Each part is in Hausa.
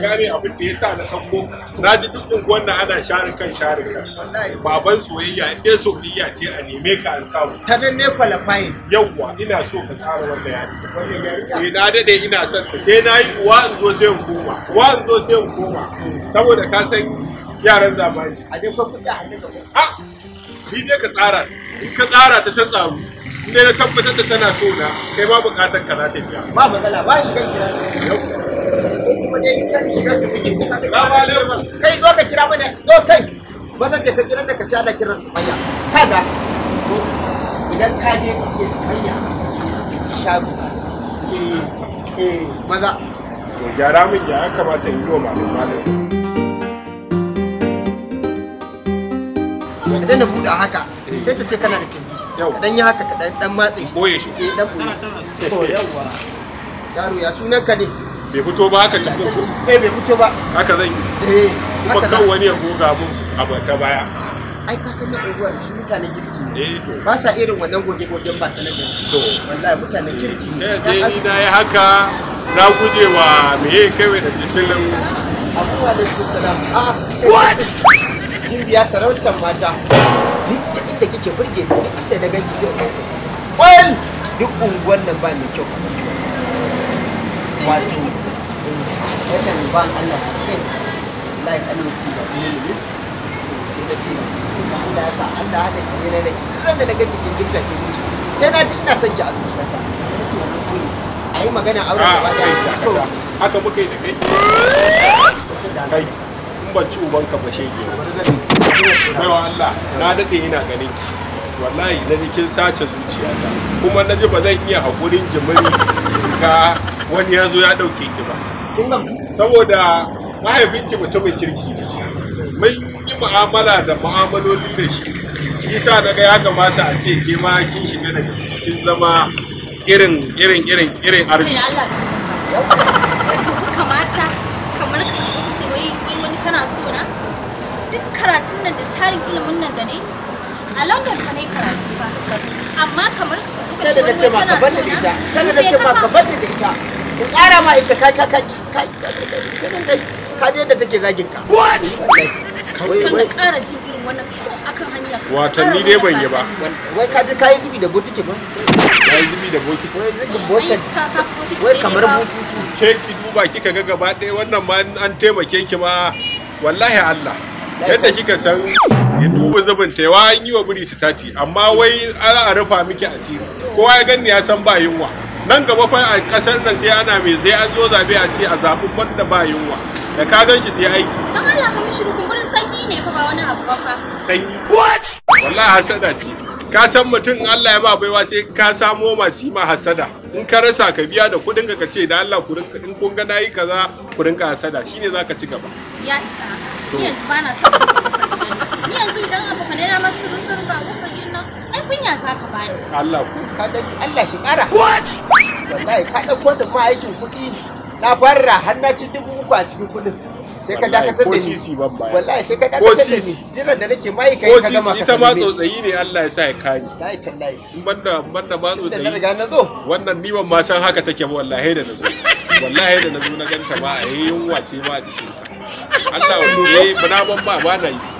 ka gane abin da ya sa na kango na ji duk unguwan na ana sharin kan sharin kan baban soyayya ɗaya soyayya ce a neme ka an samu ta nan ne kwalafai yawwa ina so ka tsara wannan yari eh na daɗe ina son ta. sai na yi uwa in zo sai in koma uwa in zo sai in koma saboda ka san yaran zamani a dai ko kuɗi a hannun ka a ni dai ka tsara in ka tsara ta ta tsaro. in na tabbatar da tana so na kai ma bukatar ka na ta biya ba matsala ba shi kan kira kai zo ka kira mana zo kai wannan da ka kira da ka ci ana kiran su maya kaga idan ka je ka ce su maya shago eh eh maza to gyara min ya kamata in yi malam malam ka daina buɗa haka sai ta ce kana da tumbi ka yi haka ka dan matse shi boye shi eh dan boye to yawa yaro ya sunan ka ne bai fito ba haka ta tafi eh bai fito ba haka zan yi eh kuma kan wani ya goga mun abu ta baya ai ka san na unguwar shi mutanen kirki ne eh, ba sa irin wannan goge gogen ba sanar da to wallahi mutanen kirki ne eh dai ni na yi haka na guje wa meye kawai da bisilin abuwa da ku salam ah eh, what biya sarautar mata duk ta inda kike burge duk inda na ganki sai ka wal duk unguwar nan ba mai kyau wato ya kan Allah kai like an mutu da so da ce tun Allah ya sa Allah hada ki ne da ki ran da cikin dukkan ki mutu sai na ji ina son ki a zuciyata na ce wannan yi magana auren gaba daya to ah, haka muka yi kai kai in ban ci ubanka ba Allah na dade ina ganin wallahi na ji sace zuciyata kuma naji ba zan iya hakurin jimiri ka wani ya zo ya ɗauke ki ba saboda mahaifinki mutumin kirki mun yi mu'amala da mu'amaloli da shi isa na ga ya kamata a ce ke ma kin shiga daga cikin zama irin irin irin irin arziki kamata kamar ka ce wai wani kana so na duk karatun nan da tarin ilimin nan da ne a london ka ne karatu ba amma kamar ka so ka ce wani kana so na sai da ce ma ka bani da ita sai da ce ma ka bani da ita in ƙara ma ita ka ka ka ka ka da take zagin ka what wai ƙara jin irin wannan akan hanya wata ni dai ban yi ba wai ka ji ka yi zubi da botiki ba ka yi zubi da botiki wai zubin botan wai kamar bututu ke ki duba kika ga gaba ɗaya wannan ma an taimake ki ma wallahi Allah yadda kika san ya duba zubin wa an yi wa buri sitati amma wai ana rufa miki asiri kowa ya ganni ya san ba yunwa nan gaba fa a kasar nan sai ana mai zai an zo zabe a ce a zabi wanda ba yunwa da ka gan shi sai aiki don Allah ka mishi kumburin sanyi ne fa ba wani abu ba fa sanyi what wallahi hasada ce ka san mutum Allah ya ba baiwa sai ka samo masu ma hasada in ka rasa ka biya da kudin ka ce da Allah in kun ga nayi kaza ku ka hasada shine zaka ci gaba ya isa ni yanzu bana son ni yanzu idan abokanai na masu sun ba, ku kunya za ka bani. Allah ku. Allah shi ƙara. What? Wallahi ka ɗauko da aikin kuɗi na barra har na ci dubu uku a cikin kuɗin. Sai ka dakatar da ni. Wallahi sai ka dakatar da ni. Jiran da nake mayi kai ka gama ka ita ma tsotsayi ne Allah ya sa ya kani. Tallahi tallahi. In banda banda ma tsotsayi. Da riga na zo. Wannan ni ban ma san haka take ba wallahi da na zo. Wallahi da na zo na ganta ma a yi yunwa ce ma a jikinka. Allah wani ne eh, ba na ban ba ba na yi.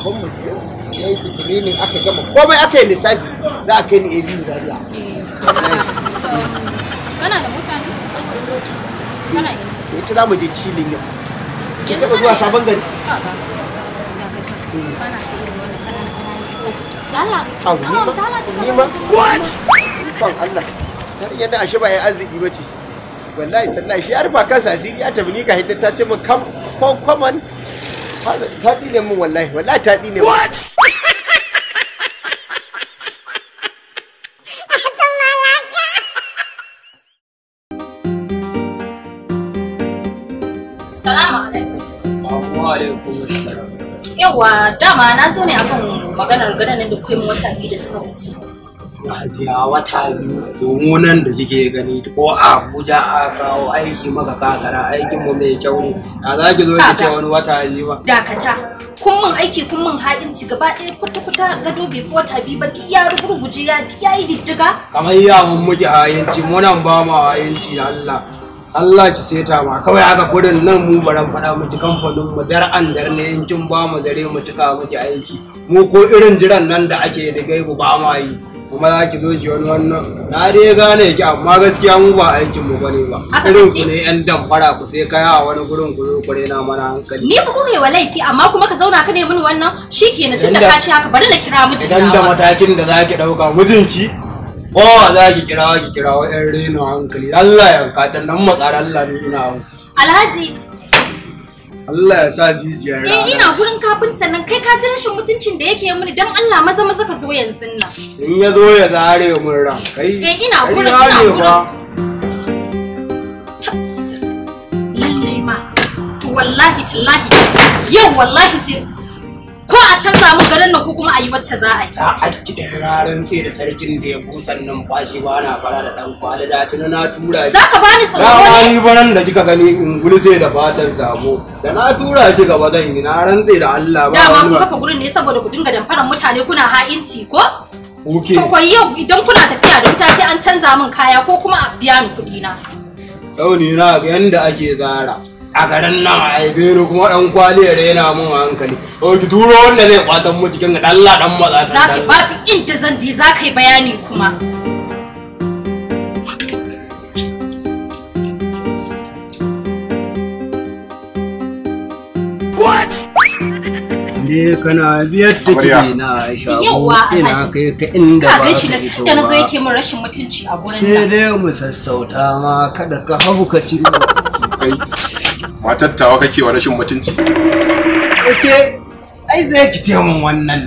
babanmu ya yi sikirinin aka gama komai aka yi lissafi za a kai ni abu zaria eh, kana da mutane kana yi ita za mu je cilin yau ki taɓa zuwa sabon gari eh. What? Allah. ashe ba arziki ba ce. Wallahi tallahi shi ya rufa kansa asiri ya tafi ni ka hidda ta ce min come common ta min wallahi wallahi ta Yawa dama na zo ne akan maganar ganin da kuma mota biyu da suka wuce. ajiya wata biyu domin nan da kike gani ko a abuja a kawo aiki maka kakara aikin mu mai kyau ne a za ki zo ki ce wani wata biyu ba dakata kun min aiki kun min ha'inci gaba ɗaya kuta kuta gado bai fi wata biyu ba duk ya rugurguje ya ya yi diddiga kamar yawon muke ha'inci munan ba mu ha'inci Allah Allah ki seta ma kawai haka gudun nan mu baran faɗa mu ci kamfanin mu dar an dar ne in kin ba mu zare mu cika muke aiki mu ko irin jiran nan da ake da gaibu ba ma yi kuma za ki zo ki wani wannan na dai gane ki amma gaskiya mu ba aikin mu bane ba irin ku ne yan damfara ku sai kaya a wani gurin ku kure na mana hankali ni ba kuma wa laifi amma kuma ka zauna ka ne mini wannan shikenan tunda ka ci haka bari na kira mijin dan da matakin da za ki dauka mijinki kowa za ki kira ki kira wa yan reno hankali Allah ya katan nan matsar Allah ne ina Alhaji Allah ya sa jijiyar eh, rana. Eh ina gurin kafinta nan kai ka ji rashin mutuncin da yake mini dan Allah maza maza ka zo yanzu nan. In ya zo ya zare mun ran kai. Eh ina gurin ina gurin. Lallai ma. To wallahi tallahi yau wallahi sai ko a canza mu garin nan ko kuma a yi wacce za a yi za a kiɗa raran sai da sarkin da ya busan numfashi ba na fara da dan kwali da na tura shi. za ka bani tsoro ne na wani baran da kika gani in gulze da fatar zamo da na tura shi gaba zan yi na rantse da Allah ba dama ku kafa gurin ne saboda ku dinga damfaran mutane kuna ha'inci ko Okay. To ko yau idan kuna tafiya da wuta sai an canza min kaya ko kuma a biya ni kuɗi na. Yau ni na ga yanda ake tsara. a garin nan a haife ni kuma dan kwali ya raina mun hankali o ki turo wanda zai kwatan mu cikin dan la dan matsa za ka babu inda zan je za yi bayani kuma ne kana biyar ke na shago ina kai ka inda ba ka shi da nazo yake min rashin mutunci a gurin sai dai mu sassauta ma kada ka ka ci matar kake wa rashin mutunci oke ai zai ki ce min wannan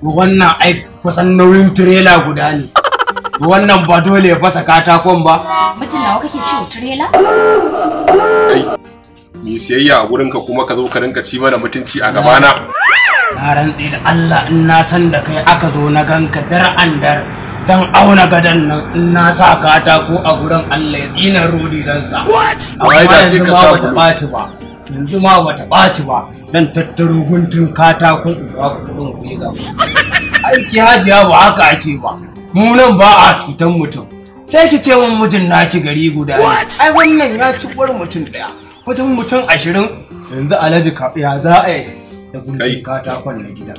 ne wannan ai kusan nauyin tirela guda ne wannan ba dole ya fasa katakon ba mutum nawa kake ciwo tirela ai ni siyayya a gurinka kuma ka zo ka rinka ci mana mutunci a gabana na rantse da Allah in na san da kai aka zo na ganka dar an dar zan auna gadon nan na sa katako a gurin Allah ya tsina rodi zan sa yanzu ma bata ɓaci ba yanzu ma wata ɓaci ba zan tattaro guntun katakon uwa kuɗin ku ga gaba aiki hajiya ba haka ake ba mu nan ba a cutan mutum sai ki ce min mijin na ci gari guda ne ai wannan ya ci war mutum ɗaya wajen mutum ashirin yanzu alhaji ya za a yi da guntun katakon na gidan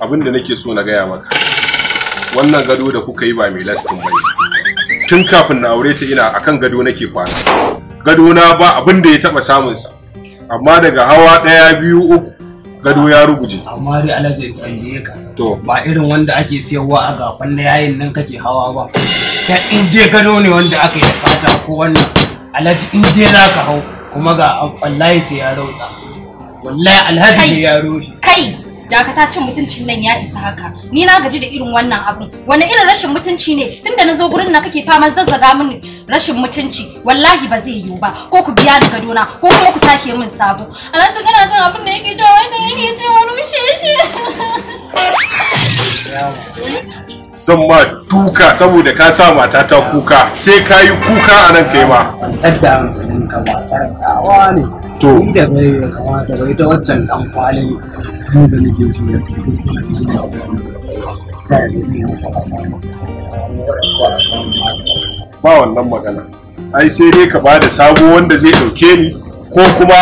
Abinda da nake so na gaya maka wannan gado da kuka yi ba mai lastin bane tun kafin na aure ta ina akan gado nake kwana gado na ba abin da ya taba samun sa amma daga hawa daya biyu uku gado ya ruguje amma dai alhaji tambaye ka to ba irin wanda ake siyarwa a gafan na yayin nan kake hawa ba ta in je gado ne wanda aka yi fata ko wannan alaji in je za ka hau kuma ga wallahi sai ya rauta wallahi alhaji ne ya roshi kai dakata cin mutuncin nan ya isa haka ni na gaji da irin wannan abun wani irin rashin mutunci ne tunda na zo gurin na kake faman zazzaga mini rashin mutunci wallahi ba zai yiwu ba ko ku biya ni gadona ko kuma ku sake min sabo a nan kana jin abin da yake jawo wanda yake ce wa rushe shi zan ma duka saboda ka sa ta kuka sai ka yi kuka a nan kai ma. Tadda hankalinka ba kawa ne. to da bai bai kamata bai ta waccan dan kwalin mu da nake so ya ba wannan magana ai sai dai ka bada sabo wanda zai dauke ni ko kuma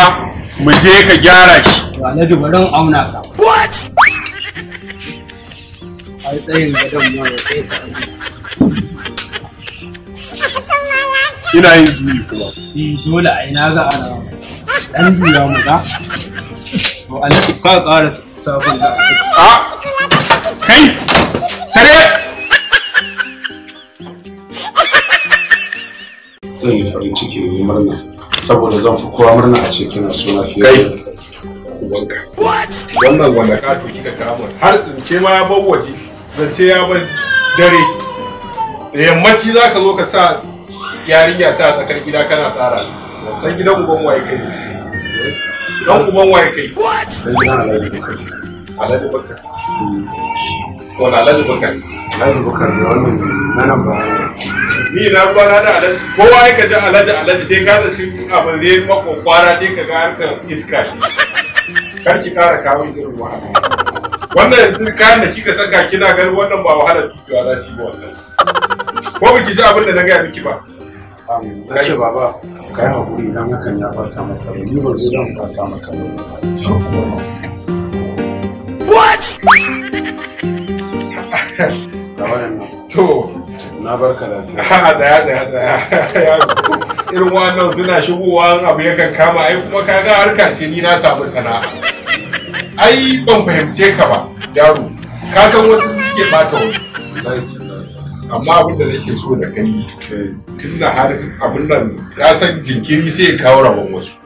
mu je ka gyara shi to alhaji auna ka what ai tsayin gadon ma ya tsaye ina yin juyi kuma eh, dole ai na ga ana Dan juya mu da to an ka ƙara sabon da a kai tare zan yi farin ciki ne murna saboda zan fi kowa murna a cikin suna fiye kai ubanka wannan wanda ka to kika kama har tsince ma ya bar bawwaje zance ya bar dare da yammaci za ka zo ka sa yarinya ta a tsakar gida kana tsara ta gidan uban waye kai dan uban waye kai alhaji bakar wani alhaji bakar alhaji bakar da wannan nanan ba ni na ruwa na da alhaji kowa ya kaji alhaji alhaji sai ka da shi abin da ya mako kwara sai ka ga harkar iska ce kar ki kara kawo irin wahala wannan yanzu kayan da kika saka kina ganin wannan ba wahalar tukewa za su yi ba wannan ko ba ki ji abin da na gaya miki ba na ce baba ka yi haƙuri idan hakan ya farta maka ba ni ban zo zan farta maka ba what da wannan to na barka lafiya a daya daya daya irin wannan suna shigowa abu yakan kama ai kuma kaga harka sai ni na samu sana'a ai ban fahimce ka ba yaro ka san wasu suke bata wasu amma abin da nake so da kai eh, tun da har abin nan ka san jinkiri sai ya kawo rabon wasu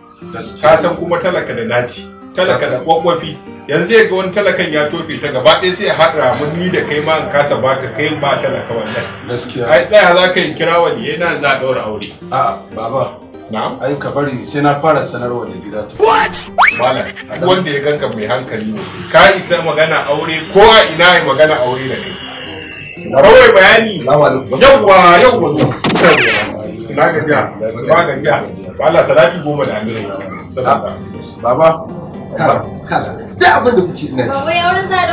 ka san kuma talaka da naci talaka da kwakwafi yanzu ya ga wani talakan ya tofe ta gaba ɗaya sai ya haɗa mun ni da kai ma in kasa baka kai ba talaka wannan gaskiya ai tsaya za ka yi kira wani yana eh, za a ɗaura aure a'a baba na'am ai ka bari sai na fara sanarwa da gida to malam wanda ya ganka mai hankali ne ka isa magana aure ko a ina ya magana aure da kai kawai bayani yawwa yawwa na gajiya ba gajiya ba Allah salati goma da amirin baba kala kala da abin da kuke ina ji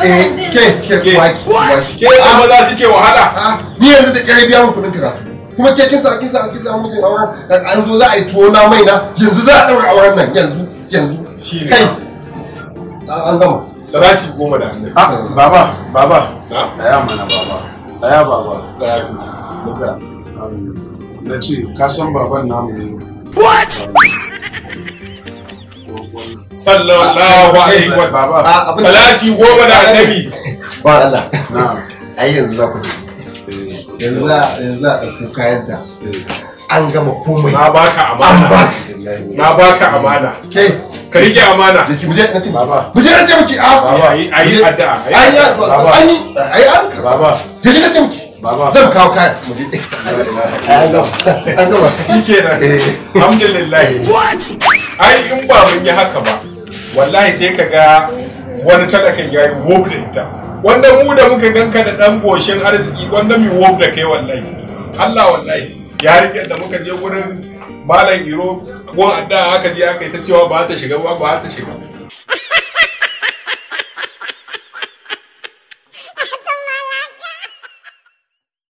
eh ke ke waki ke da maza ke wahala ah, ah, ni yanzu da kai biya mun kudin karatu kuma ke kin san kin san kin san mijin auren eh, an zo za a yi tuwo na mai na yanzu za a daura auren nan yanzu yanzu kai ah, an gama salati goma da hannu. ah baba baba tsaya mana baba tsaya baba tsaya ku muka na ce ka san baban namu ne what sallallahu alaihi wa baba ah, salati goma da annabi ba Allah Na'am. ai yanzu za ku eh. yanzu za a ɗauko kayan ta eh. an gama komai na baka amana na baka amana ke ka rike amana ki muje na ce baba muje na ce miki ah. a baba ayi addu'a ayi addu'a ayi ayi an ka baba je ki na ce miki baba zan kawo kayan muje an gama an ke shikenan eh. alhamdulillah ai in ba mun yi haka ba wallahi sai ka ga wani talakan yayi wob da ita wanda mu da muka ganka da dan goshin arziki wanda mi wob da kai wallahi Allah wallahi yarinyar da muka je wurin malam iro ko adda aka je aka yi ta cewa ba ta shiga ba ba ta shiga